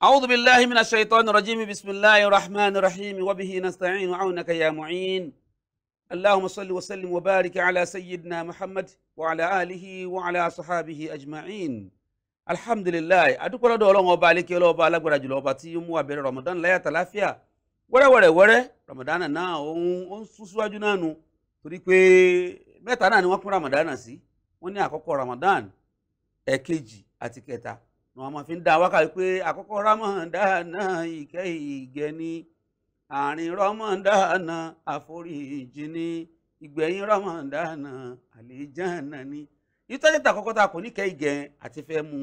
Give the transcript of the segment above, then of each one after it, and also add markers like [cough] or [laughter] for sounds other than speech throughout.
أعوذ بالله من الشيطان الرجيم بسم الله الرحمن الرحيم وبه نستعين عونك يا معين اللهم صل وسلم وبارك على سيدنا محمد وعلى آله وعلى صحابه أجمعين الحمد لله أدوك ولا دولون وبالك يلو بالك ولا وباتيوم باتي رمضان لا يتلافيا wẹ́rẹ́ wẹ́rẹ́ wẹ́rẹ́ ramadana náà òun ó ń sún síwájú náà nu torí pé mẹ́ta náà ni wọ́n wọn mọ̀ fi ń da wákàtí pé àkọ́kọ́ rámọ̀dáná ìkẹ́ ìgẹ̀ni àárín rámọ̀dáná àforíjì ni ìgbẹ̀yìn rámọ̀dáná àlèjáàna ni ìtọ́jẹ́ta àkọ́kọ́ tá a kò ní kẹ́ ìgẹ̀ àti fẹ́ mu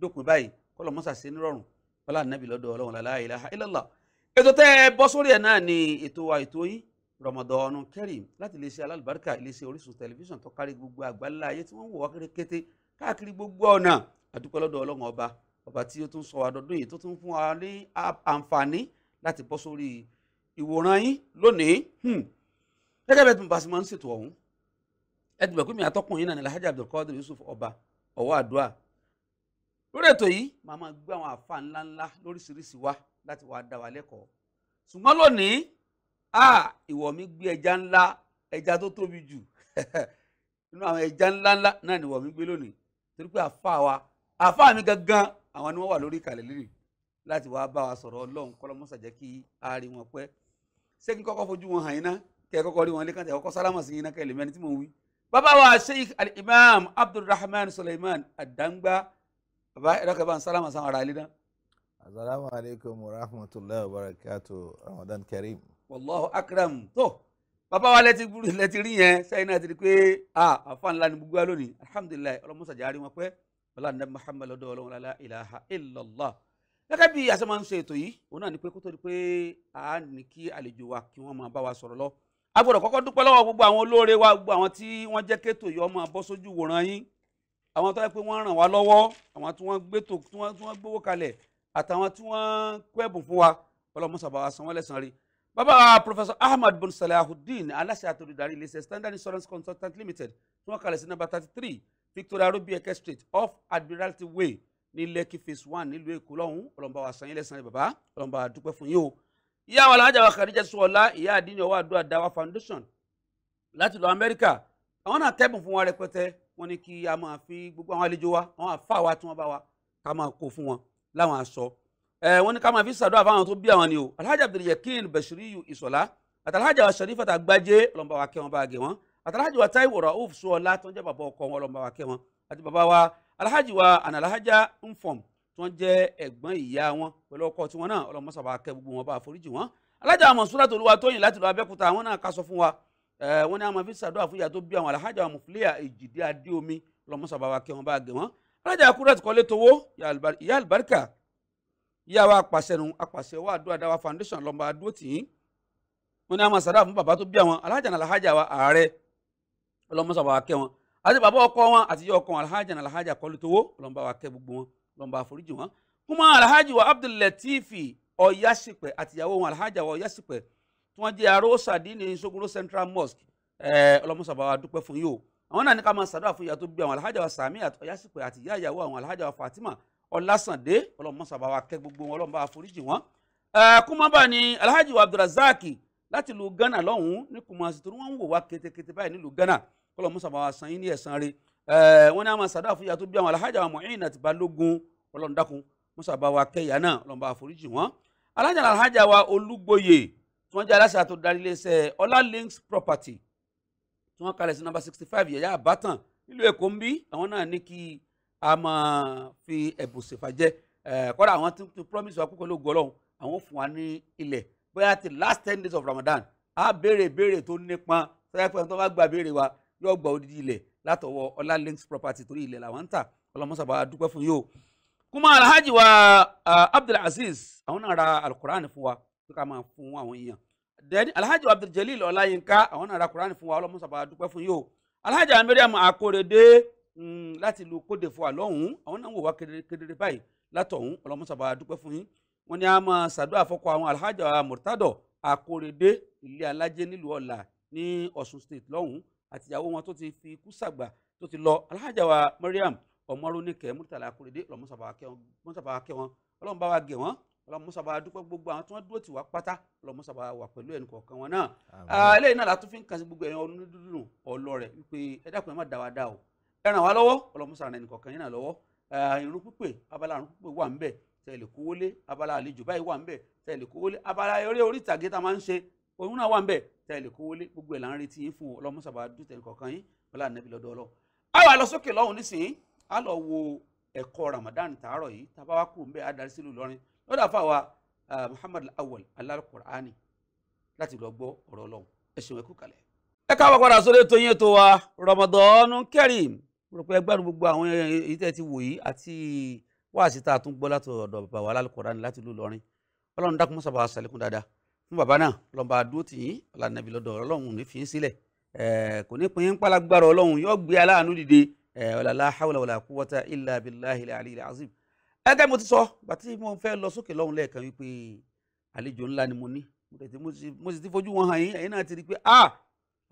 dópin báyìí kọ́lọ̀ mọ́sà sí nírọ̀rùn ọlá nàbì lọ́dọ̀ ọlọ́run la ilaha illallah ètò tẹ́ ẹ bọ́ sórí ẹ̀ náà ni ètò wa ètò yín Ramadan Kareem láti iléeṣẹ́ alálùbáríkà iléeṣẹ́ Orísun tẹlifíṣàn tó kárí gbogbo àgbáńlá ayé tí wọ́n ń wò wá kérékété káàkiri gbogbo ọ̀nà adúpẹ́ lọ́dọ̀ ọlọ́run ọba ọba tí ó tún sọ wa dọdún yìí tó tún fún wa ní àǹfààní láti bọ́ sórí ìwòran yín lónìí hmm. gẹ́gẹ́ bẹ́ẹ̀ tí mo bá sì ń ṣètò ọ̀hún ẹ ti gbẹ̀kú mi àtọ́kùn náà ní Alhaji Abdulkadir Yusuf ọba ọwọ́ àdúrà lórí ètò yìí màá máa gbé àwọn àfa ńláńlá lóríṣiríṣi wá láti wá dá wa lẹ́kọ̀ọ́ ṣùgbọ́n lónìí ìwọ̀ mi gbé ẹja ńlá ẹja tó tóbi jù nínú [laughs] àwọn ẹja ńláńlá náà ni ìwọ̀ mi gbé lónìí torí pé àfa wa àfáà mi gangan àwọn ni wọ́n wà lórí ìkàlẹ̀ lórí láti wá bá wa sọ̀rọ̀ ọlọ́run kọ́lọ́mọ́sà jẹ́ kí a rí wọn pẹ́ ṣé kí n kọ́kọ́ fojú wọn hàn yín ná kẹ́ ẹ kọ́kọ́ rí wọn lé kàtẹ́ kọ́kọ́ sálámà sí yín ná kẹ́ ẹ lè mẹ́ni tí mò ń wí. bàbá wa sheikh al-imam abdulrahman suleiman adangba bàbá ẹ̀rọ bá ń sálámà sáwọn ará ilé náà. asalaamu alaykum wa rahmatulahi wa barakatu ramadan kareem. wàlláhu akram tó bàbá wa lẹ́tí rí yẹn sẹ́yìn náà ti di pé àfa ńlá ni gbogbo wa lónìí alhamdulilayi ọlọ́mọ́sà jẹ́ wọn pẹ́ ọlá ní muhammed lọ́dọ̀ ọlọ́run lálá ilaha illallah gẹ́gẹ́ bí àṣẹ máa ń ṣe ètò yìí òun náà ni pé kó tó di pé a ní kí àlejò wa kí wọ́n máa bá wa sọ̀rọ̀ lọ a gbọ́dọ̀ kọ́kọ́ dúpẹ́ lọ́wọ́ gbogbo àwọn olóore wa gbogbo àwọn tí wọ́n jẹ́ kétò yìí ọmọ bọ́ sójú wòran yín àwọn tó yẹ pé wọ́n ràn wá lọ́wọ́ àwọn tí wọ́n gbé tó tí wọ́n gbówó kalẹ̀ àtàwọn tí wọ́n kó ẹ̀bùn fún wa ọlọ́mọṣà bá wa san wọ́n lẹ́san rí bàbá wa professor ahmad aláṣẹ àtòlùdarí iléeṣẹ́ standard insurance consultant limited tí wọ́n kalẹ̀ sí number thirty three Victoria Rubi Eke Street off Admiralty Way ní Lekki phase one nílùú Èkó lọ́hún ọlọ́mọba wa sanyí lẹ́sàn-án bàbá ọlọ́mọba àdúpẹ́ fún yín o. ìyá àwọn alájà wa Khadija Suwọlá ìyá àdínní ọwọ́ àdúrà dáwà foundation láti lọ Amẹ́ríkà àwọn náà tẹ́bùn fún wọn rẹpẹtẹ wọn ni kí a máa fi gbogbo àwọn àlejò wa àwọn àfa wa tí wọ́n bá wa ká máa kó fún wọn láwọn aṣọ. ẹ wọn ni ká máa fi ṣàdúrà fáwọn tó bí àwọn ni o alhaji Abdul Yakin Bashiriyu Isola àtàlhaji wa Sharifat Agbaje ọlọ́mọba wa kẹ́ àtàlájì wa Táíwò Rauf Ṣóọlá tó ń jẹ́ bàbá ọkọ wọn ọlọ́mọba kẹ́ wọn àti bàbá wa aláhájì wa ànàláhájá nfọ̀m tó ń jẹ́ ẹ̀gbọ́n ìyá wọn pẹ̀lú ọkọ tiwọn náà ọlọ́mọsàbà kẹ́ gbogbo wọn bá àforíjì wọn alájà Mọ̀nsúrátù Olúwatóyìn láti lọ Abẹ́òkúta àwọn náà ká sọ fún wa wọn ní àwọn fi ṣàdúrà fún ìyá tó bí àwọn aláhájá wa Mùfúlíyà Èjìdé Adéomi ọlọ́mọsàbà kẹ́ wọn bá gẹ̀ wọn alájà Kúdírát Kọ́lé Towó ìyá àlùbáríkà ìyá wa apàṣẹnu apàṣẹ wa àdúrà dáwà foundation lọ́mọ adúrótì wọn ní àwọn ṣàdúrà fún bàbá tó bí àwọn alájà náà aláhájá wa ààrẹ ọlọ́mọsà bá wa kẹ́ wọn àti bàbá ọkọ wọn àtijọ́ ọkọ wọn alhaji ní alhaji akọlùtowó ọlọ́mọba wa kẹ́ gbogbo wọn ọlọ́mọba àforíjì wọn kúmọ́ alhaji wa abdullatifi ọ̀yásípẹ̀ àtìyàwó wọn alhaji wa ọ̀yásípẹ̀ tí wọ́n jẹ́ arósà dín ní sogoro central mosque ọlọ́mọsà bá wa dúpẹ́ fún yìí o àwọn náà ní ká máa ṣàdúrà fún ìyá tó bí àwọn alhaji wa sami ọ̀yásípẹ̀ àti ìyá ìyàwó àwọn alhaji wa fatima ọlásàndé ọlọ́mọsà bá wa kẹ́ gbogbo wọn ọlọ́mọba àforíjì wọn kúmọ́ wa abdulrazaki láti ìlú ghana lọ́hùn-ún ní kùmọ̀sí torí wọ́n ń wò wá kọ́lọ̀ musa bá wa san yín ní ẹ̀san rí wọ́n ní àwọn sàdá fún tó bí àwọn alhaja wa Mu'inat àti balógun ọlọ́run dákun musa bá wa kẹ́yà náà ọlọ́run bá foríjì wọ́n alhaja alhaja wa olúgbòye tí wọ́n jẹ́ aláṣà tó darí iléeṣẹ́ ọlá links property tí wọ́n kalẹ̀ sí number sixty five yẹ̀yà àbátan nílùú èkó ń bí àwọn náà ní kí a máa fi ẹ̀bùn ṣèfàjẹ́ kọ́dà àwọn tí tí promise wa kúkọ́ ló gbọ́ lọ́hùn àwọn fún wa ní ilẹ̀ bóyá ti last ten days of Ramadan a béèrè béèrè tó nípọn sọ́yà pé àwọn tó bá gba béèrè wa yóò gba odidi ilẹ̀ látọwọ́ ọlá links property torí ilẹ̀ làwọn ń tà ọlọmọsàbà dúpẹ́ fún yóò kuma alhaji wa abdulaziz àwọn náà ra alukur'an fún wa tó ká máa fún àwọn èèyàn dẹni alhaji wa abduljalil ọláyínká àwọn náà ra alukur'an fún wa ọlọmọsàbà dúpẹ́ fún yóò alhaji wa miriam akorede mm, láti lu kóde fún wa lọ́hùn-ún àwọn náà ń wò wá kedere báyìí látọ̀hún ọlọmọsàbà dúpẹ́ fún yín wọn ni a máa ṣàdúrà fọkọ àwọn alhaji wa murtado akorede ilé alájẹ nílùú ọ̀la ní ọ̀ṣun state lọ́hùn-ún àtìyàwó wọn tó ti fi ikú sàgbà tó ti lọ alhaja wa mariam ọmọrúnìkẹ́ murtala akurede ọlọmọsàbà kẹ́ wọn ọlọmọba wa gẹ̀ wọn ọlọmọsàbà dúpẹ́ gbogbo àwọn tí wọ́n dúró tì wá pátá ọlọmọsàbà wà pẹ̀lú ẹnì kọ̀ọ̀kan wọn náà ah, eléyìí náà látún fi ń kàn sí gbogbo ẹ̀yàn ọdún dúdú ọlọ́rẹ̀ wípé ẹ dákun ẹ má dá dá o ẹ ràn wá lọ́wọ́ ọlọmọsàbà ẹnì kọ̀ọ̀kan yín náà lọ́wọ́ ah, abala irun pípé wà abala àlejò báyìí wà abala eré orí ìtàgé tá òun náà wà ń bẹ̀ tá ẹ lè kówó lé gbogbo ẹ̀ là ń retí yín fún ọlọ́mọ sábà dúdẹ̀ kọ̀ọ̀kan yín wọlé ànábì lọ́dọ̀ ọlọ́ a wà lọ sókè lọ́hùn nísìnyí a lọ wo ẹ̀kọ́ Ramadan tààrọ̀ yìí tá a bá wá kúrò ń bẹ̀ adarí sílùú lọ́rin lọ́dà fáwa Muhammad Awwal Al-Qur'ani láti lọ gbọ́ ọ̀rọ̀ Ọlọ́run ẹ ṣeun ẹ kú kalẹ̀. ẹ káàbọ̀ padà sórí Ramadan Kareem rò pé ẹgbẹ́rún gbogbo àwọn èyí tẹ́ ti wò yìí àti Al-Qur'ani láti lù lọ́rin Ọlọ́run dákun mọ́sàbà sàlékún dáadáa fún bàbá náà lọ́nba dúró tì yín ọ̀làǹdàbí lọ́dọ̀ ọlọ́run ní fi ń sílẹ̀ kò ní pín pálágbára ọlọ́run yóò gbé aláàánú dìde ọ̀làlá hawla wàlà quwwata illa billahi al-ali al-azim. ẹgẹ́ mo ti sọ bàtí mo fẹ́ lọ sókè lọ́hùn lẹ́ẹ̀kan wípé àlejò ńlá ni mo ní mo sì ti fojú wọn hàn yín ẹ̀yin náà ti rí pé ah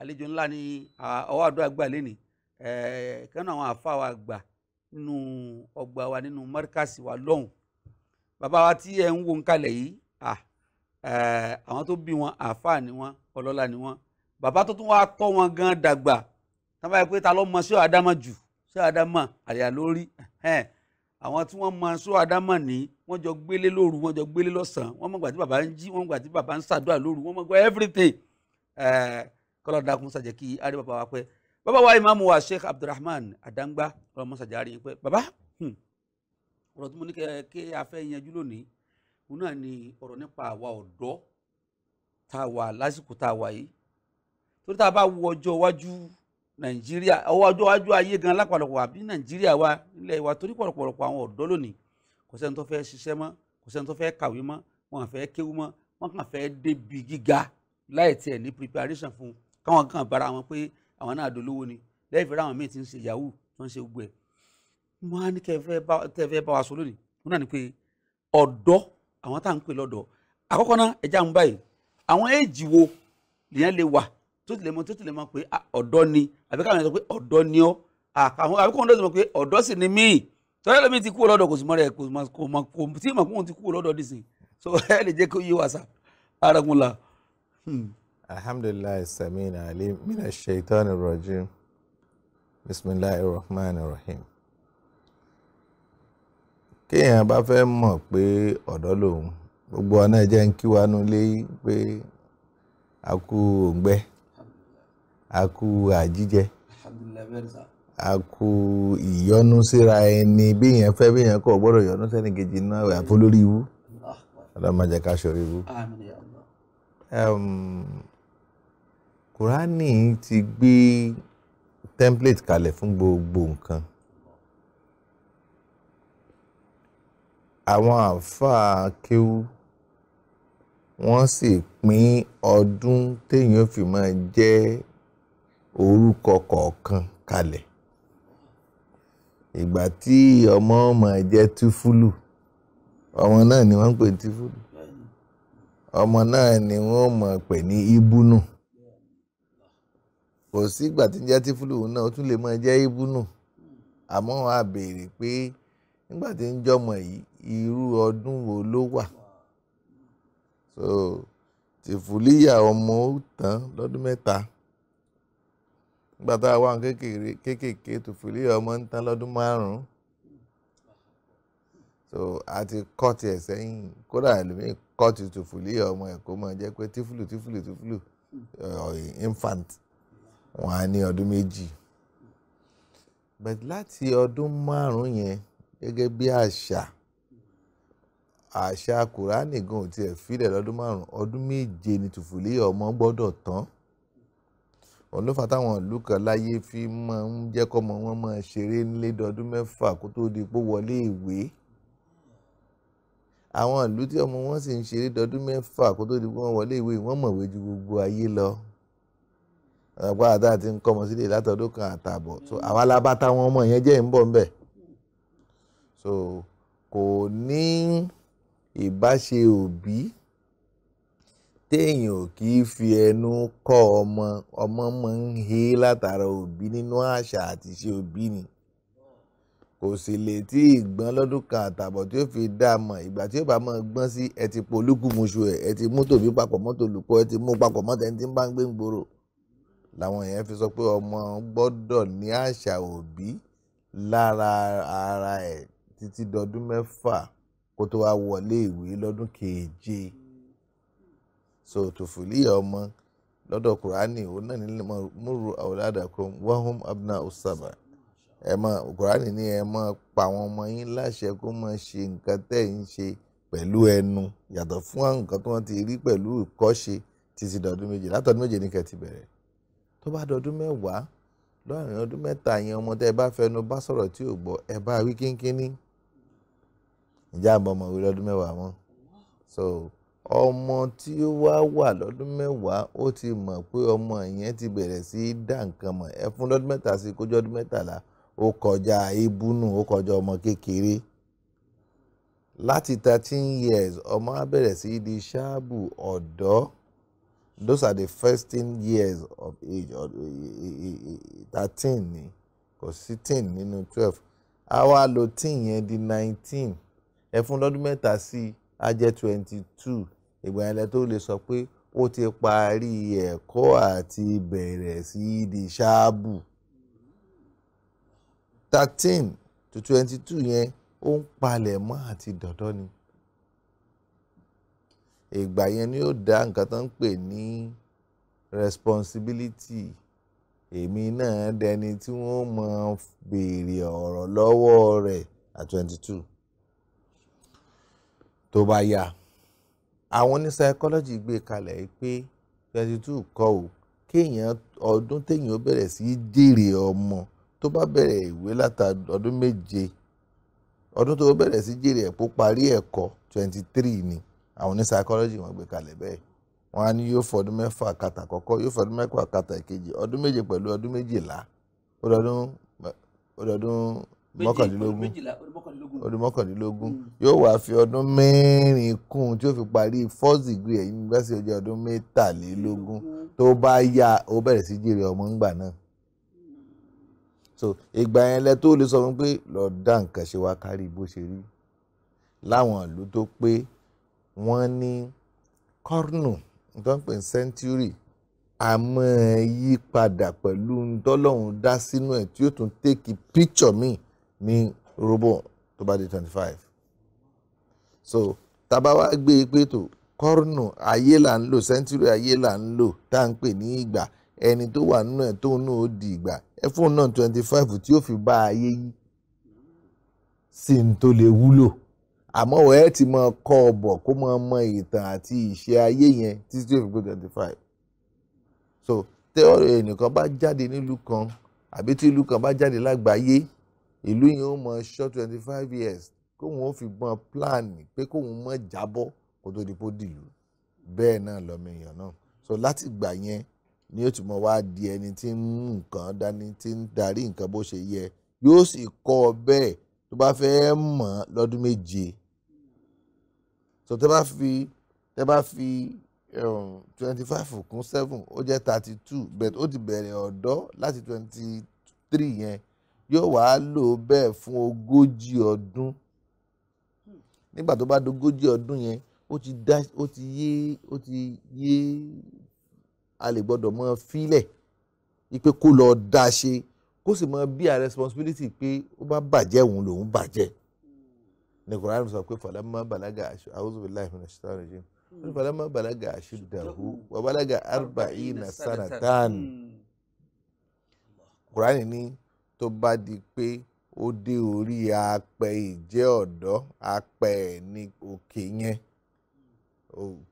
àlejò ńlá ni ọwọ́ àdó àgbà lẹ́ni kánú àwọn àfa wa àgbà nínú ọgbà wa nínú mọ́ríkàsì wa lọ́hùn bàbá wa tí ẹ ń wo ń kalẹ̀ yìí ah Eh, àwọn tó bí wọn àáfàá ni wọn ọlọ́lá ni wọn bàbá tó tún wá kọ́ wọn gan dàgbà tá bá yẹ pé ta ló mọ sí àdámọ̀ jù sí àdámọ̀ àyà lórí àwọn tí wọ́n mọ sí àdámọ̀ ní wọ́n jọ gbélé lóru wọ́n jọ gbélé lọ́sàn wọ́n mọ̀ tí bàbá ń jí wọ́n mọ̀ tí bàbá ń ṣàdúrà lóru wọ́n mọ̀ everything eh, kọ́lọ́ dákun sàjẹ́ kí adé bàbá wa pẹ́ bàbá wa ìmáàmù wa Sheikh Abdulrahman Adangba ọlọmọ sàjẹ́ àríyìn pẹ́ bàbá hmm, ọ̀rọ̀ tí mo ní kẹ́ afẹ́ yanjú lónìí òun náà ni ọ̀rọ̀ nípa àwa ọ̀dọ́ tá a wà lásìkò tá a wà yìí torí tá a bá wo ọjọ́ iwájú nàìjíríà ọjọ́ iwájú ayé gan lápapọ̀ àbí nàìjíríà wa nílẹ̀ wa torí pọ̀lọpọ̀lọpọ̀ àwọn ọ̀dọ́ lónìí kò sẹ́ni tó fẹ́ ṣiṣẹ́ mọ́ kò sẹ́ni tó fẹ́ kàwé mọ́ wọn kàn fẹ́ kéwú mọ́ wọn kàn fẹ́ débi gíga láì tiẹ̀ ní preparation fún káwọn kàn bára wọn pé àwọn náà dolówó ni lẹ́yìn fẹ́rẹ́ àwọn míì ti ń ṣe yahoo tó ń ṣe gbogbo ẹ̀ wọn á ní kẹfẹ́ bá wa sọ lónìí wọn náà ní pé ọ̀dọ́ àwọn tá à ń pè lọ́dọ̀ àkọ́kọ́ náà ẹja ń báyìí àwọn éèjì wo lèyàn lè wà tó tilẹ̀ mọ tó tilẹ̀ mọ pé ọ̀dọ́ ni àbí káwọn sọ pé ọ̀dọ́ ni ọ́ àkàwọn àbí kóhun tó ti mọ pé ọ̀dọ́ sì ni míì tọ́lá lómi ti kúrò lọ́dọ̀ kò sì mọ́ rẹ̀ kò mọ̀ kò tí mà kóhun ti kúrò lọ́dọ̀ nísìn so [laughs] ẹ lè jẹ́ kó yí wàsà aragunla. Hmm. alhamdulilayi sami na ali mina shaitan rajim bisimilahi rahman rahim kéèyàn bá fẹ́ mọ̀ pé ọ̀dọ́ lòun gbogbo ọ̀nà ẹ̀jẹ̀ ń kí wa nulẹ̀ pé a kú òǹgbẹ a kú àjíjẹ a kú ìyọnu síra ẹni bí yẹn fẹ́ bí yẹn kọ̀ gbọ́dọ̀ yọnu sẹ́ni kejì náà àfọlórí iwu ọlọ́mọdé ká sọ̀rọ̀ iwu. Kùránì ti gbé template kalẹ̀ fún gbogbo nǹkan. àwọn àáfàá kéwú wọ́n sì pín ọdún téèyàn fi máa jẹ́ orúkọ kọ̀ọ̀kan kalẹ̀ ìgbà tí ọmọ máa jẹ́ túfúlù ọmọ náà ni wọ́n ń pè túfúlù ọmọ náà ni wọ́n máa pè ní ibùnú kò sígbà tí ń jẹ́ túfúlù náà ó tún lè máa jẹ́ ibùnú àmọ́ wọn á béèrè pé nígbà tí ń jọmọ yìí irú ọdún wo ló wà so tìfúlíyà ọmọ ó lọ́dún mẹ́ta nígbà tá a wà ní kéékèèké tìfúlíyà so a ti kọ́ sẹ́yìn kódà ẹlòmíì kọ́ tìfúlíyà ọmọ ẹ̀ máa jẹ́ pé uh, infant wọn á ní ọdún méjì but láti ọdún márùn-ún yẹn gẹ́gẹ́ bí àṣà kùránì gan ò tiẹ̀ filẹ̀ lọ́dún márùn-ún ọdún méje ni tùfùlé ọmọ gbọ́dọ̀ tán òun ló fà táwọn ìlú kan láyé fi máa ń jẹ́ kọ́mọ wọn máa ṣeré nílé dọdún mẹ́fà kó tó di pé wọlé ìwé àwọn ìlú tí ọmọ wọn sì ń ṣeré dọdún mẹ́fà kó tó di pé wọ́n wọlé ìwé wọ́n mọ̀wé ju gbogbo ayé lọ àgbà àdá ti ń kọ́mọ sílé látọdún kan àtààbọ̀ so àwa lábá táwọn ọmọ yẹn jẹ́ ń bọ̀ so kò ní. Ni ìbáṣe òbí téèyàn ò kì í fi ẹnu kọ́ ọmọ ọmọ máa ń he látara òbí nínú àṣà àti ṣe òbí ni kò sì lè tí ìgbọ́n lọ́dún kan àtàbọ̀ tí ó fi dá a mọ̀ ìgbà tí ó bá máa gbọ́n sí ẹ ti polúkúmuṣu ẹ ẹ ti mú tòbí papọ̀ mọ́tò olùkọ́ ẹ ti mú papọ̀ mọ́tò ẹni tí ń bá ń gbé ń gbòòrò làwọn yẹn fi sọ pé ọmọ gbọ́dọ̀ ní àṣà òbí lára ara ẹ̀ títí dọdún mẹ́fà kó tó wá wọlé ìwé lọ́dún keje so tòfìlíyà ọmọ lọ́dọ̀ kùránì òun náà ní múru àwòládàkùn wahum abna usaba ẹ mọ kùránì ní ẹ mọ pa àwọn ọmọ yín láṣẹ kó mọ ṣe nǹkan tẹ́ ń ṣe pẹ̀lú ẹnu yàtọ̀ fún àwọn nǹkan tí wọ́n ti rí pẹ̀lú ìkọ́ṣe títí dọ̀dún méje látọ̀dún méje ní kẹ̀tì bẹ̀rẹ̀ tó bá dọ̀dún mẹ́wàá lọ́rin ọdún mẹ́ta yẹn ọmọ ẹ bá fẹnu bá sọ̀rọ̀ tí ò gbọ́ ẹ bá wí kínkínní ìjà àbọ̀ ọmọ ìwé lọ́dún mẹ́wàá mọ́ so ọmọ tí ó wá wà lọ́dún mẹ́wàá ó ti mọ̀ pé ọmọ yẹn ti bẹ̀rẹ̀ sí í dá nǹkan mọ̀ ẹ fún lọ́dún mẹ́ta sí kójú ọdún mẹ́tàlá ó kọjá ibùnú ó kọjá ọmọ kékeré láti thirteen years ọmọ á bẹ̀rẹ̀ sí í di ṣáàbù ọ̀dọ́ those are the first ten years of age e, e, e, thirteen ni kò sí ten nínú twelve á wá lo ten yẹn di nineteen ẹ fún lọ́dún mẹ́ta sí i á jẹ́ twenty two ìgbà yẹn lẹ tó lè sọ pé ó ti parí ẹ̀kọ́ àti bẹ̀rẹ̀ sí í di ṣáàbù thirteen to twenty two yẹn ó ń palẹ̀ mọ́ àti dọ̀dọ́ ni ìgbà yẹn ni ó dá nǹkan tó ń pè ní responsibility èmi náà dẹni tí wọ́n máa béèrè ọ̀rọ̀ lọ́wọ́ rẹ̀ at twenty two tó bá yá àwọn oní psychology gbé kalẹ̀ pé twenty two kọ́ o kéèyàn ọdún téèyàn ó bẹ̀rẹ̀ sí í jèrè ọmọ tó bá bẹ̀rẹ̀ ìwé láta ọdún méje ọdún tó bẹ̀rẹ̀ sí jèrè ẹ̀pọ̀ parí ẹ̀kọ́ twenty three ni àwọn oní psychology wọ́n gbé kalẹ̀ bẹ́ẹ̀ wọ́n á ní yóò fọdún mẹ́fà kàtà kọ́kọ́ yóò fọdún mẹ́fà kàtà kejì ọdún méje pẹ̀lú ọdún méjìlá ó dọdún mọ́kàndínlógún ọdún mọ́kàndínlógún mm. yóò wá fi ọdún mẹ́rin kún tí ó fi parí first degree ẹ̀yìn yunifásitì ó ọdún mẹ́tàlélógún tó bá yá ó bẹ̀rẹ̀ sí jèrè ọmọ ńgbà náà so ìgbà yẹn lẹ tó lè sọ fún pé lọ dá nǹkan ṣe wá kárí bó ṣe rí láwọn ìlú tó pé wọ́n ní kọ́rnù tó ń pè ní sẹ́ńtúrì àmọ́ yí padà pẹ̀lú ntọ́lọ́hún dá sínú ẹ̀ tí ó tún tẹ́kì píkṣọ̀ míì ní rúbọ̀ tó bá di twenty five so tábà wá gbé e pé tó kọ́rùnù ayé là ń lò sẹ́ńtúrì ayé là ń lò tá à ń pè ní ìgbà ẹni tó wà nínú ẹ̀ tóun náà di ìgbà ẹ fóun náà twenty five tí ó fi bá ayé yí sí ní tó lè wúlò àmọ́ ọ̀ẹ́ ti mọ kọ́ ọ bọ̀ kó mọ mọ ìtàn àti ìṣe ayé yẹn títí ó fi gbé twenty five so tẹ́ọ̀rọ̀ ẹnìkan bá jáde nílùú kan àbí tí ìlú kan bá jáde lágbàáyé ìlú yẹn ó mọ ṣọ́ twenty five years kóun ó fi gbọ́n pílánì pé kóun mọ̀ jábọ́ kó tó di pó dìlú bẹ́ẹ̀ náà lọ́mọ náà so láti ìgbà yẹn ni ó ti mọ wá di ẹni tí ń mú nǹkan dání tí ń darí nǹkan bó ṣe yẹ yóò sì kọ́ ọ bẹ́ẹ̀ tó bá fẹ́ mọ̀ lọ́dún méje so tẹ́ bá fi tẹ́ bá fi um, twenty five kún seven ó jẹ́ thirty two but ó ti bẹ̀rẹ̀ ọ̀dọ́ láti twenty three yẹn yóò wá lò bẹ́ẹ̀ fún ogójì ọdún nígbà tó bá dogójì ọdún yẹn ó ti dá ó ti yé ó ti yé a lè gbọ́dọ̀ mọ́ fílẹ̀ ipe kó lọ dá a ṣe kó sì mọ bí a responsibility pé ó bá bàjẹ́ òun lòun bàjẹ́ ní Kùránì sọ pé falamma balaga aṣọ a'udhu billahi minash shaitani rajim falamma balaga ashuddahu wa balaga arba'ina sanatan Kùránì hmm. ní tó bá di pé ó dé orí apẹ ìjẹ́ ọ̀dọ́ apẹ ẹ̀ ní òkè yẹn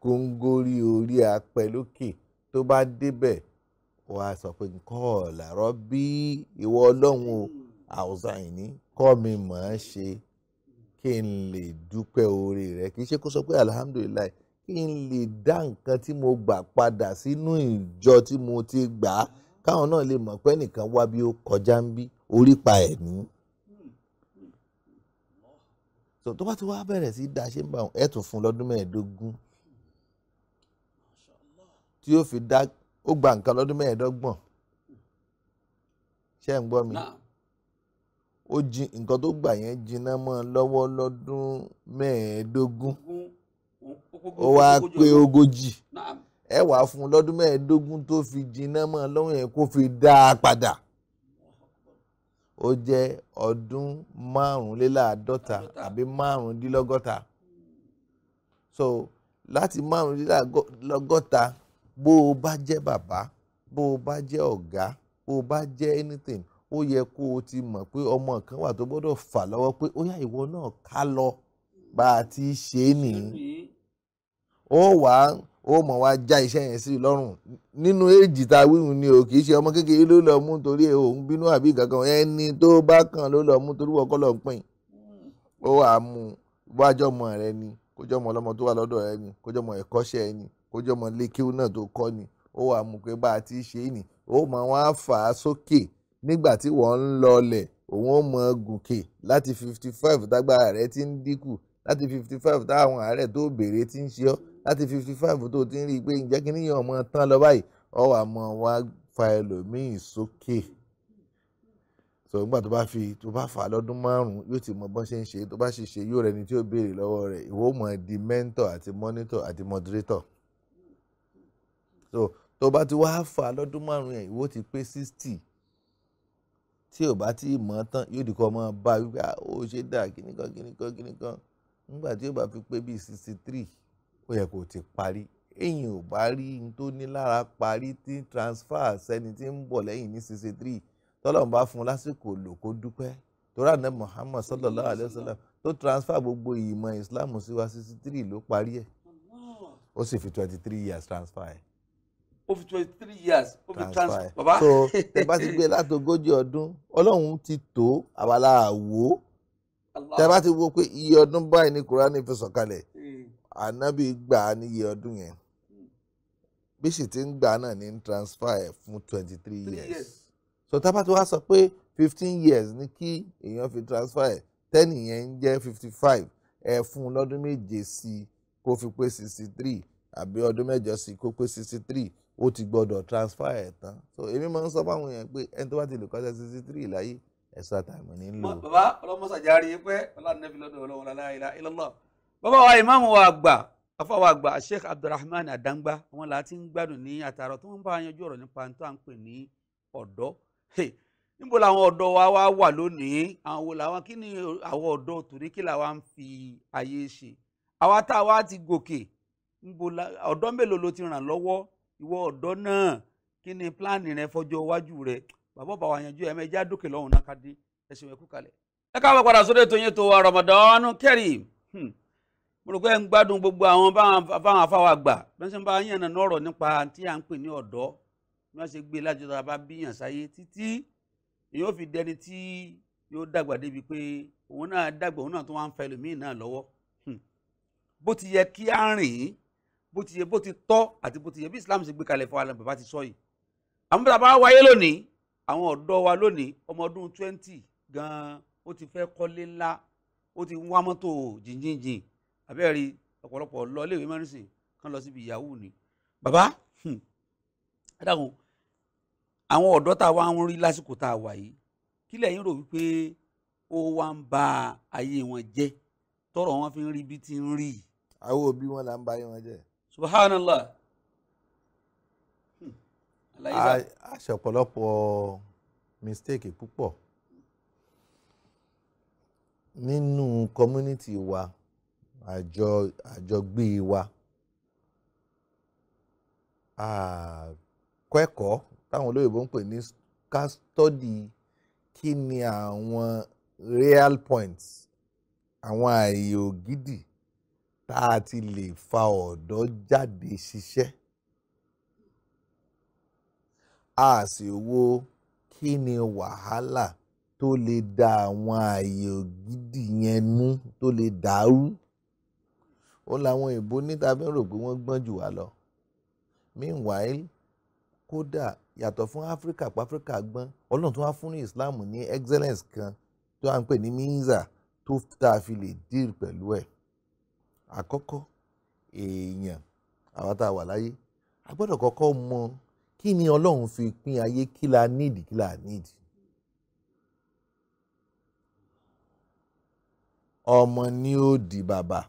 góńgórí orí apẹ lókè tó bá débẹ̀ wàá sọ pé nǹkan ọ̀làrọ̀ bí ìwọ ọlọ́run o àwùjọ àìní kọ́ mi mọ̀ ọ́n ṣe kí n lè dúpẹ́ oore rẹ kì í ṣe kó sọ pé alihamudulilayi kí n lè dá nǹkan tí mo gbà padà sínú ìjọ tí mo ti gbà á káwọn náà lè mọ̀ pé ẹnìkan wá bí ó kọjá ń bí orí pa ẹ̀ ní. tó bá ti wá bẹ̀rẹ̀ sí dá ṣe ń bá ẹ̀ tún fún lọ́dún mẹ́ẹ̀ẹ́dógún tí ó fi dá ó gba nǹkan lọ́dún mẹ́ẹ̀ẹ́dọ́gbọ̀n ṣé ń gbọ́ mi ó jin nǹkan tó gbà yẹn jiná mọ́ lọ́wọ́ lọ́dún mẹ́ẹ̀ẹ́dógún ó wá pé ogójì ẹ wàá fún un lọ́dún mẹ́ẹ̀ẹ́dógún tó fi jiná mọ́ ọ lọ́wọ́ yẹn kó fi dá a padà ó jẹ́ ọdún márùnléláàádọ́ta àbí márùndínlọ́gọ́ta so láti márùndínlọ́gọ́ta bó o bá jẹ́ bàbá bó o bá jẹ́ ọ̀gá bó o bá jẹ́ anything ó yẹ kó o ti mọ̀ pé ọmọ kan wà tó gbọ́dọ̀ fà lọ́wọ́ pé ó yá ìwọ náà ká lọ bá a ti ṣe é nìyí ó wàá ó mọ̀ wá já iṣẹ́ yẹn sí lọ́rùn nínú èjì ta wíwùn ni o kì í ṣe ọmọ kékeré ló lọ mú torí òun bínú àbí kankan ẹni tó bá kàn ló lọ mú torí wọ́n kọ́ lọ pín ó wà á mú wájọ́ ọmọ rẹ ni kójọ́ ọmọ ọlọ́mọ tó wà lọ́dọ̀ rẹ ni kójọ́ ọmọ ẹ̀kọ́ṣẹ́ ẹ ni kójọ́ ọmọ lékíw náà tó kọ́ ni ó wà á mú pé bá a ti ṣe é nì ó mọ wọn á fà á sókè nígbà tí wọ́n ń lọlẹ̀ òun ó mọ gòkè láti fifty five tágbára rẹ ti ń dínkù láti fifty five táwọn àárẹ̀ tó béèrè ti ń ṣe ọ́ láti fifty five tó ti ń rí i pé ǹjẹ́ kí níyàn ọmọ tán lọ báyìí ọwọ́ àmọ́ wa fa ẹlòmíì sókè sọ nígbà tó bá fi tó bá fà á lọ́dún márùn-ún yóò ti mọ bọ́n ṣe ń ṣe tó bá ṣe ṣe yóò rẹni tí ó béèrè lọ́wọ́ rẹ̀ ìwọ mọ̀ di mentor àti monitor àti moderator so tó bá ti wá fà á lọ́dún márùn-ún yẹn ìwọ ti pé sixty tí ò bá tí ì mọ̀ tán yóò dìkọ́ mọ́ bá wípé ah, ó ṣe dà kíníkan kíníkan kíníkan nígbà tí ó bá fi pé bíi sixty three ó yẹ kó ti parí èyàn ò bá rí n tó ní lára parí tí transfer sẹ́ni tí ń bọ̀ lẹ́yìn ní sixty three tọ́lọ́run bá fún un lásìkò lò kó dúpẹ́ torí àná Muhammad sallallahu alayhi wa sallam tó transfer gbogbo ìmọ̀ Islam sí wa sixty three ló parí ẹ̀ ó sì fi twenty three years transfer ẹ̀. ó fi twenty three years ó fi transfer baba. so tẹ bá ti gbé látogójì ọdún ọlọ́run ti tó abala àwo tẹ bá ti wo pé iye ọdún báyìí ni Kùránì fi sọ̀kalẹ̀ ànábì gbà á níye ọdún yẹn bí sì ti ń gbà náà ní transfer ẹ̀ fún twenty three years so tábà tí wàá sọ pé fifteen years ni kí èèyàn fi transfer ẹ̀ ten yẹn ń jẹ́ fifty five ẹ̀ fún lọ́dún méje sí i kó fi pé sixty three àbí ọdún mẹ́jọ sí i kó pé sixty three ó ti gbọ́dọ̀ transfer ẹ̀ tán so èmi máa ń sọ fáwọn èèyàn pé ẹni tó bá ti lè kọjá sixty three láyé ẹ̀sọ́ àtàwọn nílò. bàbá ọlọ́mọ sàjárí pé ọlọ́run nẹ́bí lọ́dọ̀ ọlọ́run láláìlá ilọ́lọ́ bàbá wa ìmáàmù wa àgbà afáwa àgbà sheikh abdulrahman adangba wọn là ti ń gbádùn ní àtàrà tó ń bá yanjú ọ̀rọ̀ nípa tó à ń pè ní ọ̀dọ́ níbo làwọn ọ̀dọ́ wa wá wà lónìí àwọn wo làwọn kí ni àwọn kí fi ayé ṣe àwa tá a ti gòkè níbo ọ̀dọ́ mélòó ló ti ràn lọwọ ọ̀dọ́ náà mo rò pé ẹ ń gbádùn gbogbo àwọn báwọn afáwà gbà bí wọ́n ṣe ń bá yàn náà ọ̀rọ̀ nípa tí à ń pè ní ọ̀dọ́ bí wọ́n ṣe gbé lájọ tó bá bíyàn sáyé títí yóò fi dẹni tí yóò dàgbà débi pé òun náà dàgbà òun náà tó wá ń fẹ́ lòmíì náà lọ́wọ́ hmm. bó ti yẹ kí á rìn bó ti yẹ bó ti tọ́ àti bó ti yẹ bí Islam ṣe gbé kalẹ̀ fún wa bàbá ti sọ yìí àwọn bàbá wáyé lónìí àwọn ọ̀dọ́ wa lónìí ọmọ ọdún twenty gan-an ó ti fẹ́ kọ́lé ńlá ó ti ń wá mọ́tò jìnjìnjìn abẹ́ẹ̀rí ọ̀pọ̀lọpọ̀ lọ iléèwé mẹ́rìnsìn kan lọ síbi yahoo ni bàbá adáhùn hmm, àwọn ọ̀dọ́ tá a wá ń rí lásìkò tá a wà yìí kí lẹ̀yin rò wípé ó wá ń ba ayé wọn jẹ́ tọrọ wọn fi ń rí bí ti ń rí. àwọn òbí wọn là ń ba ayé wọn jẹ́. subhanallah. Hmm, a ṣe ọ̀pọ̀lọpọ̀ mistake púpọ̀ nínú community wa. Hmm àjọ àjọgbé e wa àkẹ́kọ̀ọ́ táwọn olóyìnbó ń pè ní ká study kí ni àwọn real points àwọn ààyè ògidì tá a ti lè fa ọ̀dọ́ jáde ṣiṣẹ́ a sì wo kí ni wàhálà tó lè da àwọn ààyè ògidì yẹn nú tó lè dàrú ó làwọn ìbò níta fi ń rò pé wọ́n gbọ́n jù wá lọ meanwhile kódà yàtọ̀ fún áfíríkà pàfíríkà gbọ́n ọlọ́run tó wá fún islam ní excellence kan tó à ń pè ní minza tó tá a fi lè deal pẹ̀lú ẹ̀ àkọ́kọ́ èèyàn àwọn tá a wà láyé a gbọ́dọ̀ kọ́kọ́ mọ kí ni ọlọ́run fi pín ayé kí la need kí la need ọmọ ni ó di bàbá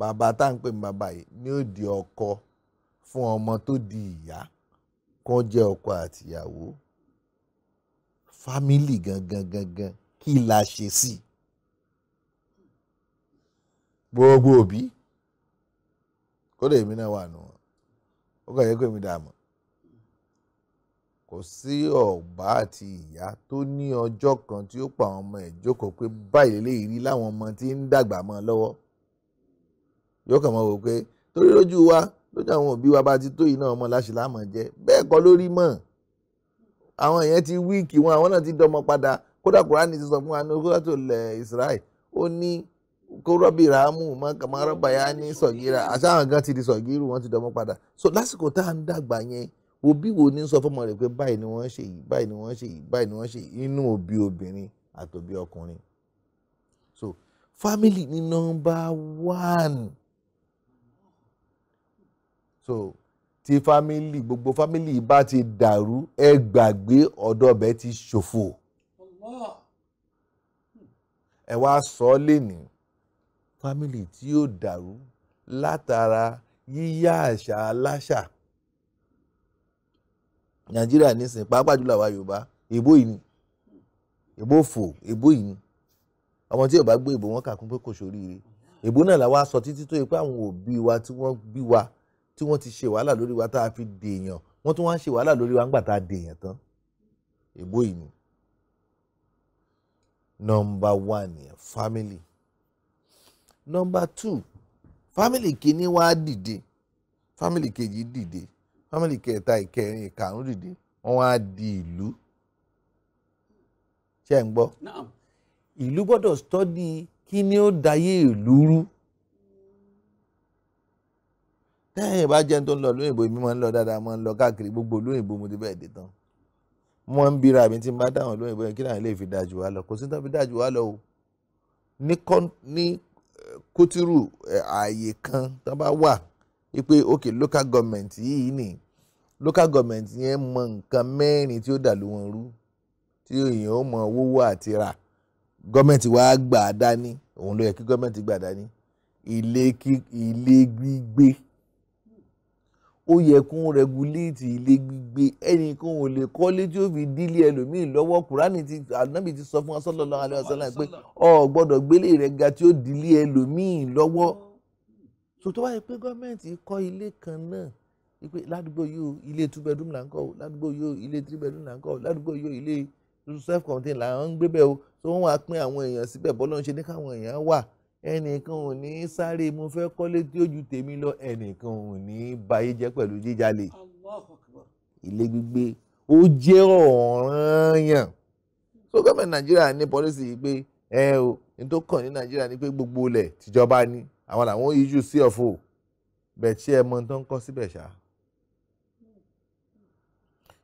bàbá tá à ń pè bàbá yìí ni ó di ọkọ fún ọmọ tó di ìyá kan jẹ́ ọkọ àtìyàwó fámìlì gangan gangan kí la ṣe sí gbogbo òbí kódà èmi náà wà nù ó kàn yẹ kó èmi dààmú kò sí ọ̀bá àti ìyá tó ní ọjọ́ kan tí ó pa àwọn ọmọ ẹ̀ jókòó pé báyìí lè rí láwọn ọmọ tí ń dàgbà mọ́ ọ yóò kàn mọ́ wò pé torí lójú wa lójú àwọn òbí wa bá ti tó yìí náà ọmọ láṣì láàmọ̀ jẹ bẹ́ẹ̀ kọ́ lórí mọ̀ àwọn yẹn ti wíìkì wọn àwọn náà ti dọmọ padà kódà kúránì ti sọ fún wa ní kótó lẹ̀ Israel ó ní kó rọ́bì ràámù mọ́ kàmá rọ́bà yá ní sọ̀gíra àṣàwọn gan ti di sọ̀gírù wọ́n ti dọmọ padà so lásìkò tá à ń dàgbà yẹn òbí wo ní sọ fọmọ rẹ̀ pé báyìí ni wọ́n ṣe yìí báyìí ni wọ́n ṣe yìí báyìí ni wọ́n ṣe yìí inú òbí obìnrin àtòbí ọkùnrin so family ni number one so tí family gbogbo fámìlì bá ti dàrú ẹ gbàgbé ọ̀dọ́ ọbẹ̀ ti ṣòfò ẹ wá sọ ọ́ lénìí fámìlì tí yóò dàrú látara yíyá àṣà aláṣà nàìjíríà nísìnyí pàápàá jùlọ àwa yorùbá èbó yìí ni èbó fò èbó yìí ni ọmọ tí yorùbá gbé èbó wọn kà kún pé kò sóríire èbó náà làwa sọ títí tó yẹ pé àwọn òbí wa tí wọ́n bí wa tí wọ́n ti ṣe wàhálà lórí wa tá a fi dèèyàn wọ́n tún wá ń ṣe wàhálà lórí wa ńgbà tá a dèèyàn tán èbó yìí ni. nọmba one yẹn family nọmba two family kìíní wá dìde family kejì dìde family kẹta ìkẹrin ìkarùn dìde wọ́n wá di ìlú ṣé ń gbọ́ ìlú gbọ́dọ̀ study kí ni ó dayé ìlú rú tẹ́yìn bá jẹ́ tó ń lọ lóyìnbó mi máa ń lọ dáadáa máa ń lọ káàkiri gbogbo lóyìnbó mo ti bẹ́ẹ̀ dé tán mo ń bira mi ti ń bá dáhùn lóyìnbó yẹn kí náà lè fi dáa jù lọ kò sí tán fi dáa jù lọ o ní kótírù eh, eh, ààyè kan tán bá wà wípé ok local government yìí ni local government yẹn mọ nǹkan mẹ́rin tí ó dà ló wọn rú tí èèyàn ó mọ owó wà àti rà gọ́ọ̀mẹ̀ntì wa gbà dání òun ló yẹ kí gọ́ọ̀mẹ̀ntì gbà dání ilé gbígbé ó yẹ kó ń rẹguléètì ilé gbígbé ẹnìkan ò lè kọ́lé tí ó dílé ẹlòmíì lọ́wọ́ kùránì ti ànábì ti sọ fún wa sallallahu alaihi wasallam pé ọ gbọ́dọ̀ gbélé rẹ̀ ga tí ó dílé ẹlòmíì lọ́wọ́. so tó bá yẹ pé gọ́ọ̀mẹ̀ntì kọ́ ilé kan náà wípé ládùúgbò yóò ilé two bedroom là ń kọ́ ládùúgbò yóò ilé three bedroom là ń kọ́ ládùúgbò yóò ilé self contained là ń gbé bẹ́ẹ̀ o so wọ́n wá pín àwọn èèyàn síbẹ̀ bọ́lọ́run ṣe ní káwọn èèyàn wà ẹnìkan ò ní sáré mo fẹ́ kọ́lé tí ó ju tèmi lọ ẹnìkan ò ní bayé jẹ́ pẹ̀lú jíjalè ilé gbígbé ó jẹ́ ọ̀ranyàn so gọ́ọ̀mẹ̀ntì nàìjíríà ní pọ́lísì yìí pé ẹ o ní tó kàn ní nàìjíríà ní pé gbogbo ilẹ̀ tìjọba ni àwọn làwọn iṣu sí ọ̀fọ̀ bẹ̀ tí ẹ mọ tó ń kọ́ síbẹ̀ ṣá.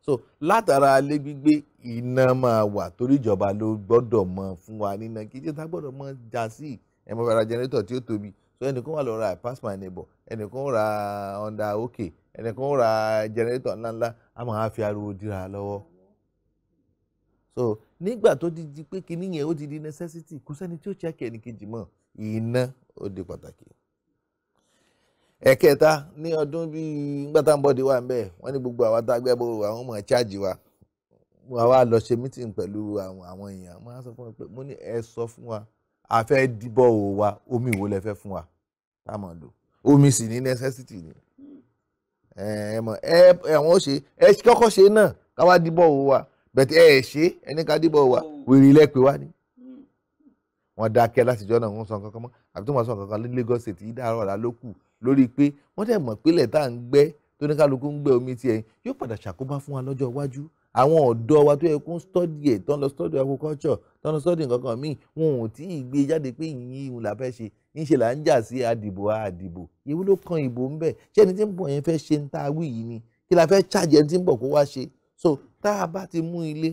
so látara ilé gbígbé iná máa wà torí ìjọba ló gbọ́dọ̀ mọ fún wa nínú kí jẹ́ gbọ́dọ̀ mọ jà sí ẹ generator ti o tobi so ẹnìkan wà lọ ra pass my neighbor ẹnìkan ra under ok ẹnìkan generator ńláńlá a máa fi ariwo dira lọ́wọ́ so nígbà tó ti di pé kinní yẹn ó ti di necessity kò sẹ́ni tí ó check ẹnì kejì mọ́ iná pàtàkì ẹ̀kẹta ní ọdún bíi gbogbo àwọn àwọn ọmọ chájì wa wọ́n wá lọ ṣe meeting pẹ̀lú àwọn èèyàn wọ́n á sọ fún ní wa a fẹ́ dìbọ̀ òwò wa omi ìwo lẹ fẹ́ fún wa tá a mọ̀ lò omi sì ní necessity ni ẹ mọ̀ ẹ ẹ̀wọ̀n ó ṣe ẹ kọ́kọ́ ṣe náà káwá dìbọ̀ òwò wa bẹ̀tẹ̀ ẹ ṣe ẹni ká dìbọ̀ òwò wa wèrè lẹ́pẹ̀ wá ni wọ́n dákẹ́ látijọ́ náà wọ́n sọ nǹkan kan mọ́ àbí tó máa sọ nǹkan kan ní Lagos State yìí dàrọ̀ ọ̀la ló kù lórí pé wọ́n dẹ̀ mọ̀ pé lẹ̀ tá à ń gbẹ́ tóníkàlùkù ń gbẹ́ omi tiẹ̀ yóò padà ṣàkóbá fún wa lọ́jọ́ iwájú àwọn ọ̀dọ́ wa tó yẹ kó ń study ẹ̀ tó ń lọ study agriculture tó ń lọ study nǹkan kan míì wọn ò tí ì gbé jáde pé yìnyín ìhun là fẹ́ ṣe ńṣe là ń jà sí àdìbò àdìbò ìwú ló kan ìbò ń bẹ̀ ṣé ẹni tí ń bọ̀ yẹn fẹ́ ṣe ń ta wí yìí ni kí la fẹ́ ṣàjẹ́ ẹni tí ń bọ̀ kó wá ṣe so tá a bá ti mú ilé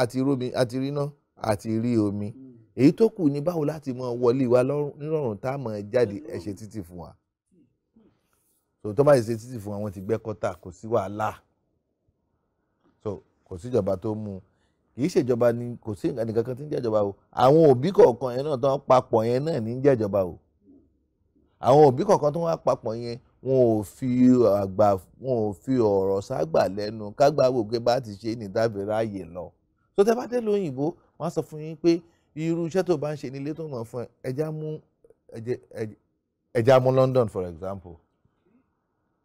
àti romi àti ríná àti rí omi èyí tó kù ní báwo láti mọ wọlé wa nírọ̀rùn tá a mọ̀ jáde ẹ títì fún wa so tó bá ṣe títì fún wa wọ́n ti gbẹ́ kọ́tà kò sí wàhálà so kò síjọba tó mú un kì í ṣèjọba ni kò sí nǹkan kan tí ń jẹ́jọba o àwọn òbí kọ̀ọ̀kan yẹn náà tó ń papọ̀ yẹn náà ní ń jẹ́jọba o àwọn òbí kọ̀ọ̀kan tó ń wá papọ̀ yẹn wọn ò fi àgbà wọn ò fi ọ̀rọ̀ ságbà lẹ́nu kágbà wò pé bá ti ṣe ní dábì ráàyè lọ tó tẹ́ bá dé lóyìnbó wọ́n á sọ fún yín pé irú iṣẹ́ tó bá ń ṣe nílé tó nà fún ẹ ẹja mú London for example